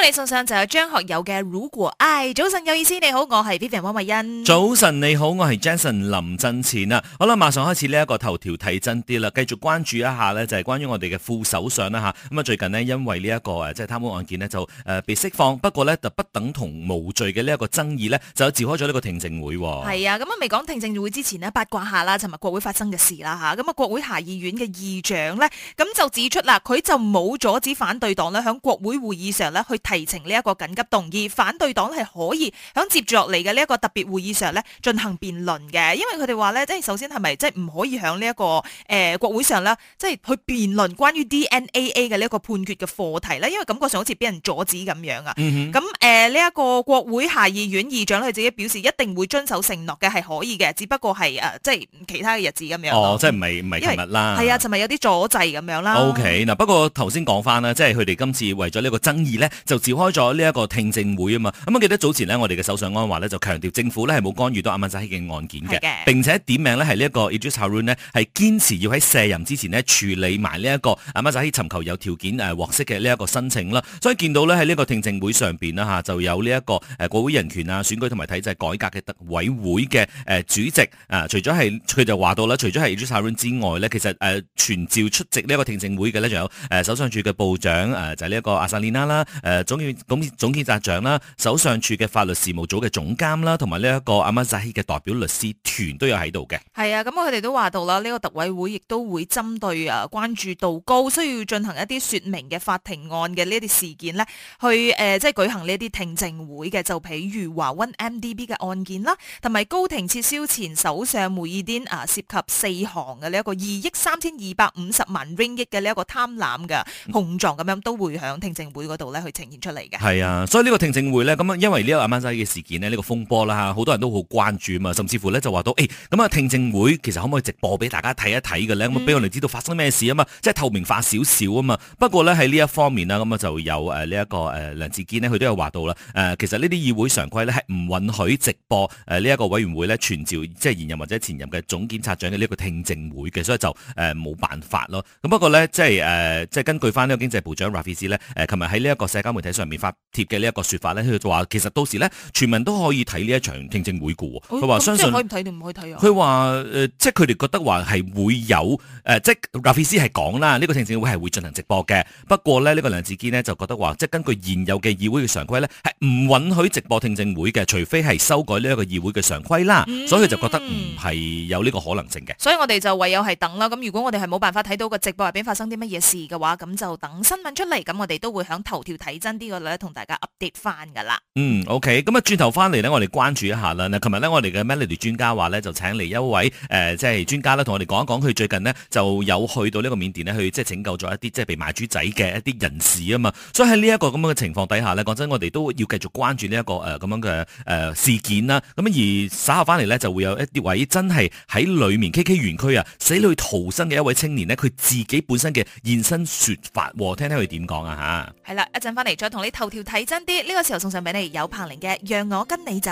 你哋送上就係張學友嘅《如果愛》哎。早晨有意思，你好，我係 Vivian 汪慧欣。早晨你好，我係 Jason 林振前啊。好啦，馬上開始呢一個頭條睇真啲啦。繼續關注一下呢，就係關於我哋嘅副首相啦吓。咁啊，最近呢，因為呢一個誒即係貪污案件呢，就誒被釋放，不過呢，就不等同無罪嘅呢一個爭議咧就召開咗呢個聽證會。係啊，咁啊未講聽證會之前呢，八卦下啦，尋日國會發生嘅事啦吓。咁啊，國會下議院嘅議長呢，咁就指出啦，佢就冇阻止反對黨咧響國會會議上呢。去。提呈呢一個緊急動議，反對黨咧係可以喺接住落嚟嘅呢一個特別會議上咧進行辯論嘅，因為佢哋話咧，即係首先係咪即係唔可以喺呢一個誒、呃、國會上啦即係去辯論關於 DNAA 嘅呢一個判決嘅課題咧，因為感覺上好似俾人阻止咁樣啊。咁誒呢一個國會下議院議長佢自己表示一定會遵守承諾嘅，係可以嘅，只不過係即係其他嘅日子咁樣。哦，即係唔係唔係今日啦，係啊，尋日有啲阻滯咁樣啦。O K，嗱不過頭先講翻啦，即係佢哋今次為咗呢個爭議咧就。召開咗呢一個聽證會啊嘛，咁、嗯、我記得早前呢，我哋嘅首相安華呢就強調政府呢係冇干預到阿曼扎希嘅案件嘅，並且點名呢係呢一個 Idrus Harun 呢係堅持要喺卸任之前呢處理埋呢一個阿曼扎希尋求有條件誒、呃、獲釋嘅呢一個申請啦。所以見到咧喺呢個個聽證會上面啦嚇、啊，就有呢一個誒國會人權啊、選舉同埋體制改革嘅特委會嘅、呃、主席啊、呃，除咗係佢就話到啦，除咗係 Idrus Harun 之外呢，其實誒傳、呃、召出席呢一個聽證會嘅呢，仲有、呃、首相署嘅部長誒、呃，就係呢一個阿莎麗娜啦總檢總總檢察長啦，首相處嘅法律事務組嘅總監啦，同埋呢一個阿曼扎希嘅代表律師團都有喺度嘅。係啊，咁佢哋都話到啦，呢、這個特委會亦都會針對啊關注度高，需要進行一啲説明嘅法庭案嘅呢一啲事件呢去誒、呃、即係舉行呢一啲聽證會嘅。就譬如華溫 MDB 嘅案件啦，同埋高庭撤銷前首相慕尤丁啊涉及四項嘅呢一個二億三千二百五十萬 ringgit 嘅呢一個貪婪嘅控狀咁樣都會喺聽證會嗰度呢去呈現。出嚟嘅係啊，所以呢個聽證會咧，咁啊，因為呢個阿曼西嘅事件呢，呢、這個風波啦吓，好多人都好關注啊嘛，甚至乎咧就話到，誒、欸，咁啊聽證會其實可唔可以直播俾大家睇一睇嘅咧？咁啊，俾我哋知道發生咩事啊嘛，即係透明化少少啊嘛。不過咧喺呢一方面呢，咁啊就有誒呢一個誒梁志堅呢，佢都有話到啦，誒、呃，其實呢啲議會常規咧係唔允許直播誒呢一個委員會咧傳召即係現任或者前任嘅總檢察長嘅呢個聽證會嘅，所以就誒冇、呃、辦法咯。咁不過咧即係誒、呃、即係根據翻呢個經濟部長 Rafizi 咧、呃，誒琴日喺呢一個社交媒體。喺上面發帖嘅呢一個説法咧，佢就話其實到時咧，全民都可以睇呢一場聽證會嘅。佢話相信可以睇定唔可以睇啊？佢話誒，即係佢哋覺得話係會有誒，即係拉菲斯係講啦，呢個聽證會係會進行直播嘅。不過咧，呢個梁志堅咧就覺得話，即係根據現有嘅議會嘅常規咧，係唔允許直播聽證會嘅，除非係修改呢一個議會嘅常規啦。所以佢就覺得唔係有呢個可能性嘅。所以我哋就唯有係等啦。咁如果我哋係冇辦法睇到個直播，入面發生啲乜嘢事嘅話，咁就等新聞出嚟。咁我哋都會喺頭條睇真。呢個咧同大家 update 翻噶啦。嗯，OK。咁啊，轉頭翻嚟咧，我哋關注一下啦。嗱，琴日咧，我哋嘅 Melody 專家話咧、呃，就請嚟一位誒，即係專家咧，同我哋講一講佢最近呢，就有去到呢個緬甸呢，去即係拯救咗一啲即係被賣豬仔嘅一啲人士啊嘛。所以喺呢一個咁樣嘅情況底下咧，講真，我哋都要繼續關注呢、這、一個誒咁、呃、樣嘅誒事件啦。咁而稍後翻嚟咧就會有一啲位真係喺裏面 KK 園區啊死裏逃生嘅一位青年呢，佢自己本身嘅現身說法，聽聽佢點講啊吓，係啦，一陣翻嚟再同你頭條睇真啲，呢、這個時候送上俾你有彭玲嘅《讓我跟你走》。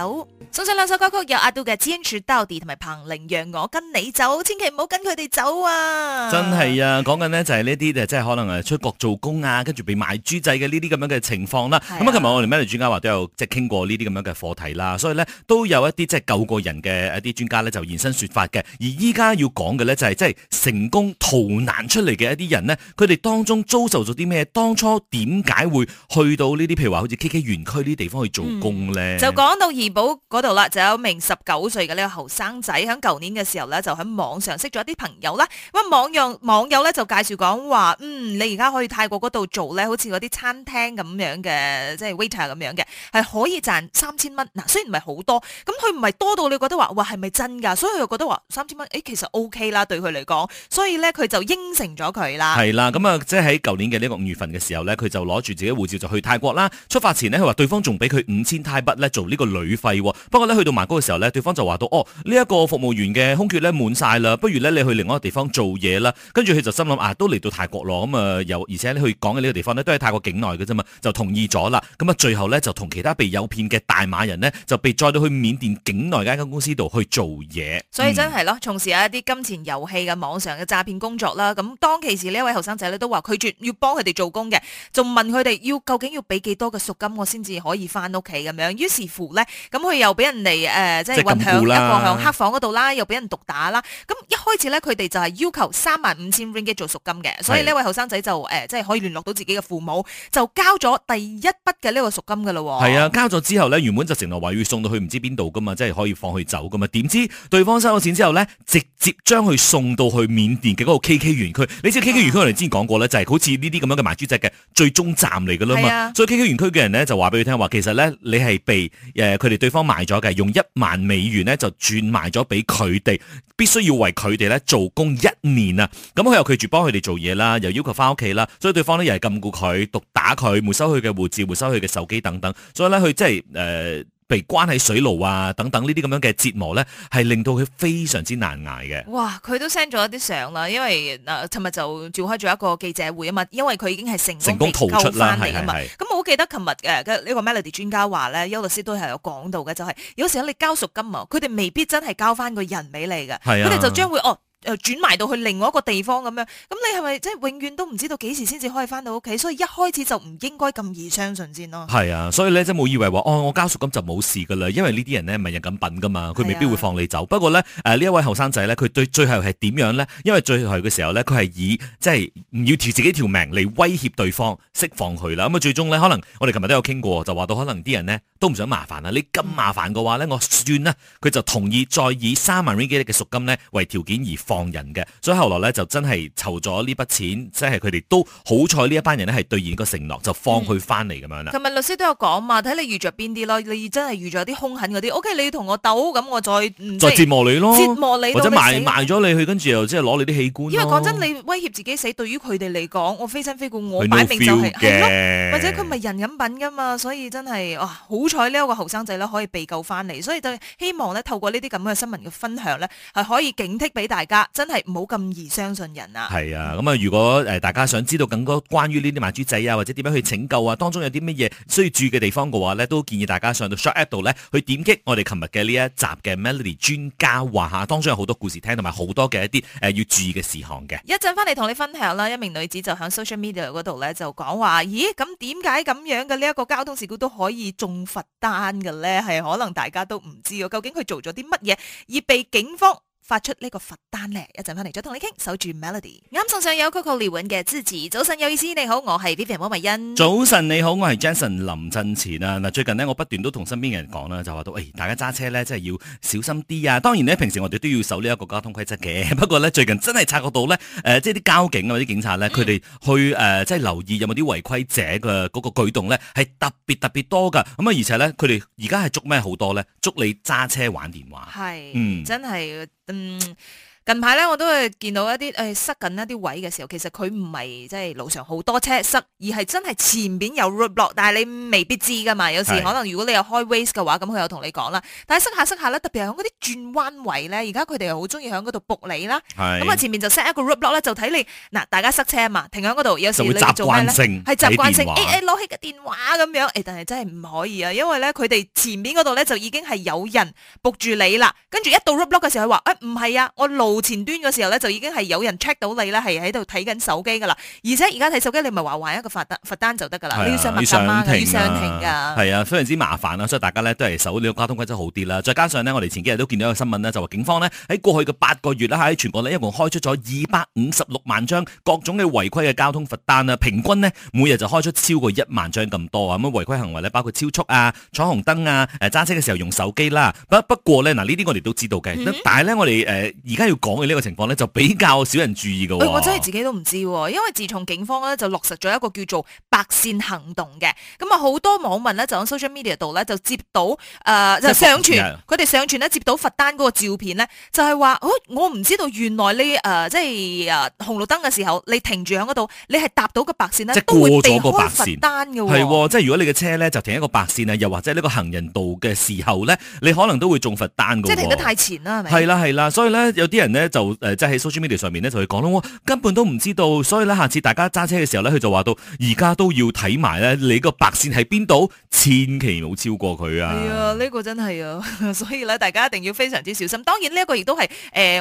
送上兩首歌曲，有阿杜嘅《c h a n g 同埋彭玲《讓我跟你走》，千祈唔好跟佢哋走啊！真係啊，講緊呢就係呢啲誒，即係可能誒出國做工啊，跟住被賣豬仔嘅呢啲咁樣嘅情況啦。咁啊，琴日、啊、我哋 m a n 專家話都有即係傾過呢啲咁樣嘅課題啦，所以呢，都有一啲即係救個人嘅一啲專家咧就現身說法嘅。而依家要講嘅咧就係即係成功逃難出嚟嘅一啲人呢，佢哋當中遭受咗啲咩？當初點解會？去到呢啲，譬如話好似 K K 園區呢啲地方去做工咧、嗯，就講到怡保嗰度啦，就有一名十九歲嘅呢個後生仔，喺舊年嘅時候咧，就喺網上識咗一啲朋友啦。咁啊網友網友咧就介紹講話，嗯，你而家去泰國嗰度做咧，好似嗰啲餐廳咁樣嘅，即係 waiter 咁樣嘅，係可以賺三千蚊。嗱，雖然唔係好多，咁佢唔係多到你覺得話，哇係咪真㗎？所以佢又覺得話三千蚊，誒其實 OK 啦，對佢嚟講，所以咧佢就應承咗佢啦。係啦，咁啊即係喺舊年嘅呢個五月份嘅時候咧，佢就攞住自己護照。去泰國啦，出發前咧，佢話對方仲俾佢五千泰幣咧做呢個旅費。不過咧，去到曼谷嘅時候咧，對方就話到哦，呢一個服務員嘅空缺咧滿晒啦，不如咧你去另外一個地方做嘢啦。跟住佢就心諗啊，都嚟到泰國咯，咁啊又而且咧佢講嘅呢個地方咧都喺泰國境內嘅啫嘛，就同意咗啦。咁啊最後咧就同其他被誘騙嘅大馬人咧就被載到去緬甸境內一間公司度去做嘢。所以真係咯，從事有一啲金錢遊戲嘅網上嘅詐騙工作啦。咁當其時呢一位後生仔咧都話拒絕要幫佢哋做工嘅，仲問佢哋要夠。究竟要俾幾多嘅贖金，我先至可以翻屋企咁樣？於是乎咧，咁佢又俾人嚟，誒、呃，即係運向一個向黑房嗰度啦，又俾人毒打啦。咁一開始咧，佢哋就係要求三萬五千 ringgit 做贖金嘅，所以呢位後生仔就誒、呃，即係可以聯絡到自己嘅父母，就交咗第一筆嘅呢個贖金噶咯。係啊，交咗之後咧，原本就承諾話會送到去唔知邊度噶嘛，即係可以放佢走噶嘛。點知對方收咗錢之後咧，直接將佢送到去緬甸嘅嗰個 KK 園區。你知 KK 園區我哋之前講過咧，就係、是、好似呢啲咁樣嘅賣豬仔嘅最終站嚟噶啦。Yeah. 所以 KK 園區嘅人咧就話俾佢聽，話其實咧你係被誒佢哋對方賣咗嘅，用一萬美元咧就轉賣咗俾佢哋，必須要為佢哋咧做工一年啊！咁佢又拒絕幫佢哋做嘢啦，又要求返屋企啦，所以對方咧又係禁錮佢、毒打佢、沒收佢嘅護照、沒收佢嘅手機等等，所以咧佢即係誒。呃被關喺水牢啊，等等呢啲咁樣嘅折磨咧，係令到佢非常之難捱嘅。哇！佢都 send 咗一啲相啦，因為嗱，尋日就召開咗一個記者會啊嘛，因為佢已經係成功逃出翻嚟啊嘛。咁我好記得尋日嘅呢個 Melody 專家話咧，邱律師都係有講到嘅，就係、係、有時候你交贖金啊，佢哋未必真係交翻個人俾你嘅，佢哋就將會哦。誒轉埋到去另外一個地方咁樣，咁你係咪即係永遠都唔知道幾時先至可以翻到屋企？所以一開始就唔應該咁易相信先咯。係啊，所以咧即係冇以為話哦，我交贖金就冇事噶啦，因為呢啲人咧唔係人咁品噶嘛，佢未必會放你走。啊、不過咧，呢一位後生仔咧，佢對最後係點樣咧？因為最後嘅時候咧，佢係以即係唔要條自己條命嚟威脅對方釋放佢啦。咁啊，最終咧，可能我哋琴日都有傾過，就話到可能啲人咧都唔想麻煩啦。你咁麻煩嘅話咧，我算啦，佢就同意再以三萬令吉嘅贖金咧為條件而放人嘅，所以後來咧就真係籌咗呢筆錢，即係佢哋都好彩呢一班人呢，係兌現個承諾，就放佢翻嚟咁樣啦。嗯、琴日律師都有講嘛，睇你遇着邊啲咯，你真係遇着啲凶狠嗰啲，OK，你同我鬥，咁我再再折磨你咯，折磨你，或者埋埋咗你去，跟住又即係攞你啲器官。因為講真，你威脅自己死，對於佢哋嚟講，我非親非故，我擺明就係係咯，或者佢咪人飲品㗎嘛，所以真係哇，啊、好彩呢一個後生仔咧可以被救翻嚟，所以就希望呢，透過呢啲咁嘅新聞嘅分享咧，係可以警惕俾大家。真係唔好咁易相信人啊！係啊，咁、嗯、啊，如果誒、呃、大家想知道更多關於呢啲賣豬仔啊，或者點樣去拯救啊，當中有啲乜嘢需要注意嘅地方嘅話咧，都建議大家上到 s h o t App 度咧去點擊我哋琴日嘅呢一集嘅 Melody 專家話、啊，當中有好多故事聽，同埋好多嘅一啲誒、呃、要注意嘅事項嘅。一陣翻嚟同你分享啦，一名女子就喺 Social Media 嗰度咧就講話：咦，咁點解咁樣嘅呢一個交通事故都可以中罰單嘅咧？係可能大家都唔知，究竟佢做咗啲乜嘢而被警方？發出這個單呢個罰單咧，一陣翻嚟再同你傾。守住 Melody 啱送上有 Coco 嘅支持。早晨有意思，你好，我係 Vivian 黃維欣。早晨你好，我係 Jason 林振前啊！嗱，最近呢，我不斷都同身邊嘅人講啦，就話到，誒、哎，大家揸車咧，真係要小心啲啊！當然呢，平時我哋都要守呢一個交通規則嘅。不過咧，最近真係察覺到咧，誒、呃，即係啲交警啊，啲警察咧，佢、嗯、哋去誒、呃，即係留意有冇啲違規者嘅嗰個舉動咧，係特別特別多噶。咁、嗯、啊，而且咧，佢哋而家係捉咩好多咧？捉你揸車玩電話，係、嗯，真係。嗯。近排咧我都係見到一啲，誒、哎、塞緊一啲位嘅時候，其實佢唔係即係路上好多車塞，而係真係前面有 roadblock，但係你未必知噶嘛。有時可能如果你有開 Waze 嘅話，咁佢又同你講啦。但係塞下塞下呢，特別係喺嗰啲轉彎位咧，而家佢哋又好中意喺嗰度撲你啦。咁啊，我前面就 set 一個 roadblock 呢就睇你嗱，大家塞車啊嘛，停喺嗰度。有時你做咩咧？係習慣性，誒誒攞起個電話咁、哎哎、樣。哎、但係真係唔可以啊，因為咧佢哋前面嗰度就已經係有人撲住你啦。跟住一到 roadblock 嘅時候，佢話：，唔、哎、係啊，我路前端嘅時候咧，就已經係有人 check 到你啦，係喺度睇緊手機噶啦。而且而家睇手機，你咪係話玩一個罰單罰單就得噶啦，你要上文甲媽，要上庭噶、啊。係啊，非常之麻煩啊，所以大家咧都係守呢個交通規則好啲啦。再加上呢，我哋前幾日都見到一個新聞咧，就話警方呢，喺過去嘅八個月啦，喺全國呢，一共開出咗二百五十六萬張各種嘅違規嘅交通罰單啊，平均呢，每日就開出超過一萬張咁多啊。咁違規行為咧包括超速啊、闖紅燈啊、誒揸車嘅時候用手機啦。不不過呢，嗱，呢啲我哋都知道嘅，mm -hmm. 但係咧我哋誒而家要。講嘅呢個情況咧，就比較少人注意嘅、哦哎。我真係自己都唔知喎，因為自從警方咧就落實咗一個叫做白線行動嘅，咁啊好多網民咧就喺 social media 度咧就接到誒、呃、就上傳佢哋、啊、上傳咧接到罰單嗰個照片咧，就係、是、話、哦：我我唔知道原來你即係、呃就是、紅綠燈嘅時候，你停住喺嗰度，你係搭到白線過個白線咧、哦哦，即係過咗個白線罰單嘅喎。係喎，即係如果你嘅車咧就停喺個白線啊，又或者呢個行人道嘅時候咧，你可能都會中罰單嘅喎、哦。即係停得太前啦，係咪？係啦係啦，所以咧有啲人。就即係喺 social media 上面咧就去講咯，根本都唔知道，所以咧下次大家揸車嘅時候咧，佢就話到而家都要睇埋咧你個白線喺邊度，千祈唔好超過佢啊！係啊，呢、呢個真係啊， 所以咧大家一定要非常之小心。當然呢一個亦都係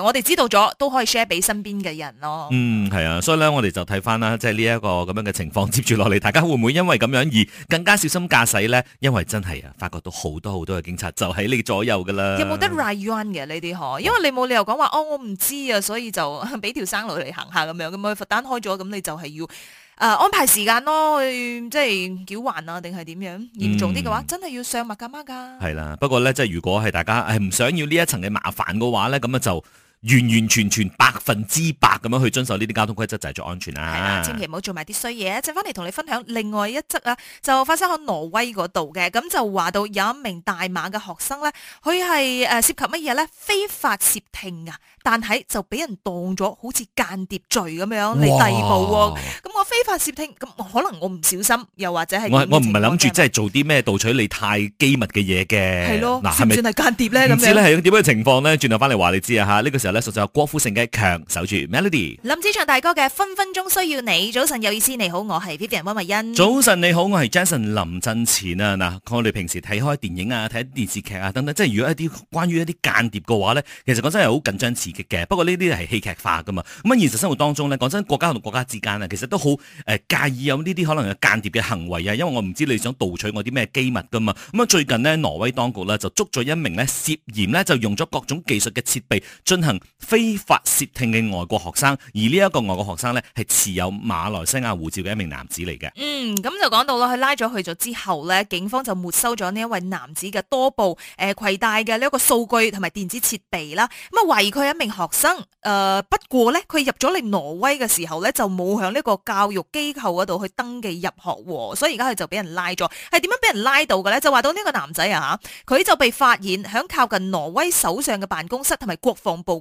我哋知道咗都可以 share 俾身邊嘅人咯。嗯，係啊，所以咧我哋就睇翻啦，即係呢一個咁樣嘅情況接住落嚟，大家會唔會因為咁樣而更加小心駕駛咧？因為真係啊，發覺到好多好多嘅警察就喺你左右噶啦。有冇得 r i run 嘅呢啲，因為你冇理由講話哦。我唔知啊，所以就俾條生路你行下咁樣，咁佢罰單開咗，咁你就係要誒、呃、安排時間咯，去即係繳還啊，定係點樣？嚴重啲嘅話，嗯、真係要上物架媽噶。係啦，不過咧，即係如果係大家係唔想要呢一層嘅麻煩嘅話咧，咁啊就。完完全全百分之百咁樣去遵守呢啲交通規則就係最安全啊！係啦、啊，千祈唔好做埋啲衰嘢。就翻嚟同你分享另外一則啊，就發生喺挪威嗰度嘅，咁就話到有一名大馬嘅學生咧，佢係誒涉及乜嘢咧？非法竊聽啊！但係就俾人當咗好似間諜罪咁樣嚟逮捕喎。咁我非法竊聽，咁可能我唔小心，又或者係我唔係諗住即係做啲咩盜取你太機密嘅嘢嘅。係咯，嗱係咪算係間諜咧？唔知咧係點樣嘅情況咧？轉頭翻嚟話你知啊吓，呢個時候。咧屬就郭富城嘅強守住 Melody、林子祥大哥嘅分分鐘需要你。早晨有意思，你好，我係 Vivian 溫慧欣。早晨你好，我係 Jason 林振前。啊嗱。我哋平時睇開電影啊，睇電視劇啊等等，即係如果一啲關於一啲間諜嘅話咧，其實講真係好緊張刺激嘅。不過呢啲係戲劇化噶嘛。咁啊，現實生活當中咧，講真，國家同國家之間啊，其實都好誒介意有呢啲可能有間諜嘅行為啊，因為我唔知你想盜取我啲咩機密噶嘛。咁啊，最近呢，挪威當局呢，就捉咗一名咧涉嫌呢，就用咗各種技術嘅設備進行。非法竊聽嘅外國學生，而呢一個外國學生呢，係持有馬來西亞護照嘅一名男子嚟嘅。嗯，咁就講到啦，佢拉咗去咗之後呢，警方就沒收咗呢一位男子嘅多部誒攜帶嘅呢一個數據同埋電子設備啦。咁、嗯、啊，懷疑佢係一名學生。誒、呃，不過呢，佢入咗嚟挪威嘅時候呢，就冇響呢個教育機構嗰度去登記入學喎，所以而家佢就俾人拉咗。係點樣俾人拉到嘅呢？就話到呢個男仔啊吓，佢就被發現響靠近挪威首相嘅辦公室同埋國防部，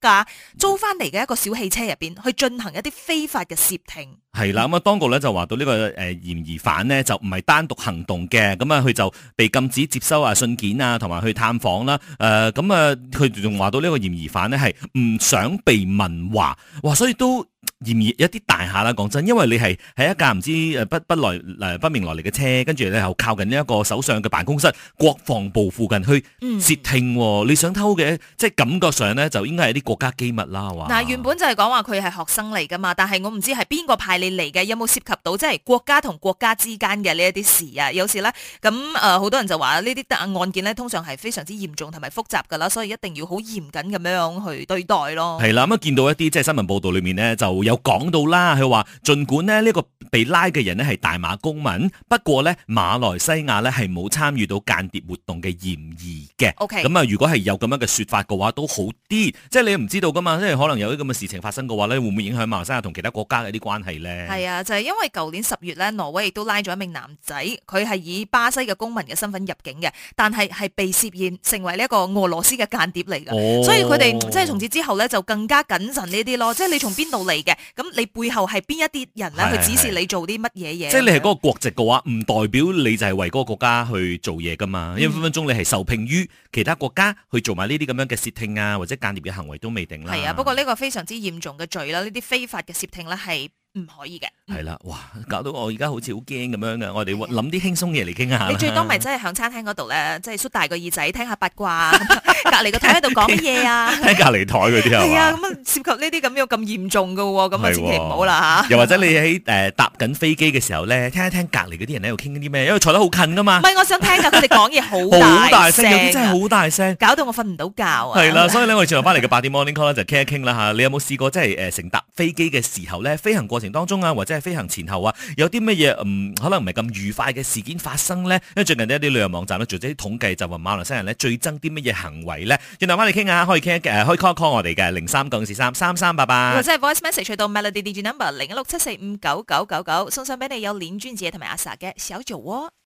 架租翻嚟嘅一個小汽車入邊去進行一啲非法嘅竊聽，係啦咁啊，當局咧就話到呢個誒嫌疑犯呢，就唔係單獨行動嘅，咁啊佢就被禁止接收啊信件啊同埋去探訪啦。誒咁啊，佢仲話到呢個嫌疑犯呢，係唔想被問話，哇！所以都嫌疑一啲大一下啦。講真，因為你係喺一架唔知誒不不來誒不明來歷嘅車，跟住咧又靠近呢一個首相嘅辦公室、國防部附近去竊聽，嗯，你想偷嘅，即係感覺上呢，就應該係啲。國家機密啦，嗱原本就係講話佢係學生嚟噶嘛，但係我唔知係邊個派你嚟嘅，有冇涉及到即係國家同國家之間嘅呢一啲事啊？有時咧咁誒好多人就話呢啲案案件咧，通常係非常之嚴重同埋複雜噶啦，所以一定要好嚴謹咁樣去對待咯。係啦，咁、嗯、啊見到一啲即係新聞報導裏面呢就有講到啦，佢話儘管呢呢個被拉嘅人呢係大馬公民，不過呢馬來西亞呢係冇參與到間諜活動嘅嫌疑嘅。O K，咁啊，如果係有咁樣嘅説法嘅話，都好啲，即係你。唔知道噶嘛，即係可能有啲咁嘅事情發生嘅話咧，會唔會影響馬來西亞同其他國家嘅啲關係咧？係啊，就係因為舊年十月咧，挪威亦都拉咗一名男仔，佢係以巴西嘅公民嘅身份入境嘅，但係係被涉嫌成為呢一個俄羅斯嘅間諜嚟嘅，所以佢哋即係從此之後咧就更加謹慎呢啲咯。即係你從邊度嚟嘅，咁你背後係邊一啲人咧去指示你做啲乜嘢嘢？即係你係嗰個國籍嘅話，唔代表你就係為嗰個國家去做嘢噶嘛，因為分分鐘你係受聘於其他國家去做埋呢啲咁樣嘅竊聽啊或者間諜嘅行為。都未定啦。係啊，不過呢個非常之嚴重嘅罪啦，呢啲非法嘅竊聽咧係。唔可以嘅，係啦，哇，搞到我而家好似好驚咁樣嘅。我哋諗啲輕鬆嘢嚟傾下。你最多咪真係響餐廳嗰度咧，即係縮大個耳仔聽下八卦，隔籬個台喺度講乜嘢啊？聽，聽，聽隔籬台嗰啲係嘛？係啊，咁啊涉及呢啲咁樣咁嚴重噶，咁、嗯、啊千祈唔好啦吓。又或者你喺誒、呃、搭緊飛機嘅時候咧，聽一聽隔籬嗰啲人喺度傾啲咩？因為坐得好近噶嘛。唔係，我想聽下佢哋講嘢好大聲，有啲真係好大聲，搞到我瞓唔到覺啊。係啦，所以咧 我哋朝頭翻嚟嘅八點 Morning Call 就傾一傾啦吓，你有冇試過即係誒、呃、乘搭飛機嘅時候咧，飛行過？當中啊，或者係飛行前後啊，有啲乜嘢，嗯，可能唔係咁愉快嘅事件發生咧。因為最近啲一啲旅遊網站咧做咗啲統計，就話馬來西亞人咧最憎啲乜嘢行為咧。轉頭翻嚟傾下，可以傾一傾，可以 call call 我哋嘅零三九四三三三八八，或者係 voice message 去到 Melody Digital Number 零一六七四五九九九九，送上俾你有臉專子同埋阿 Sa 嘅小酒窩。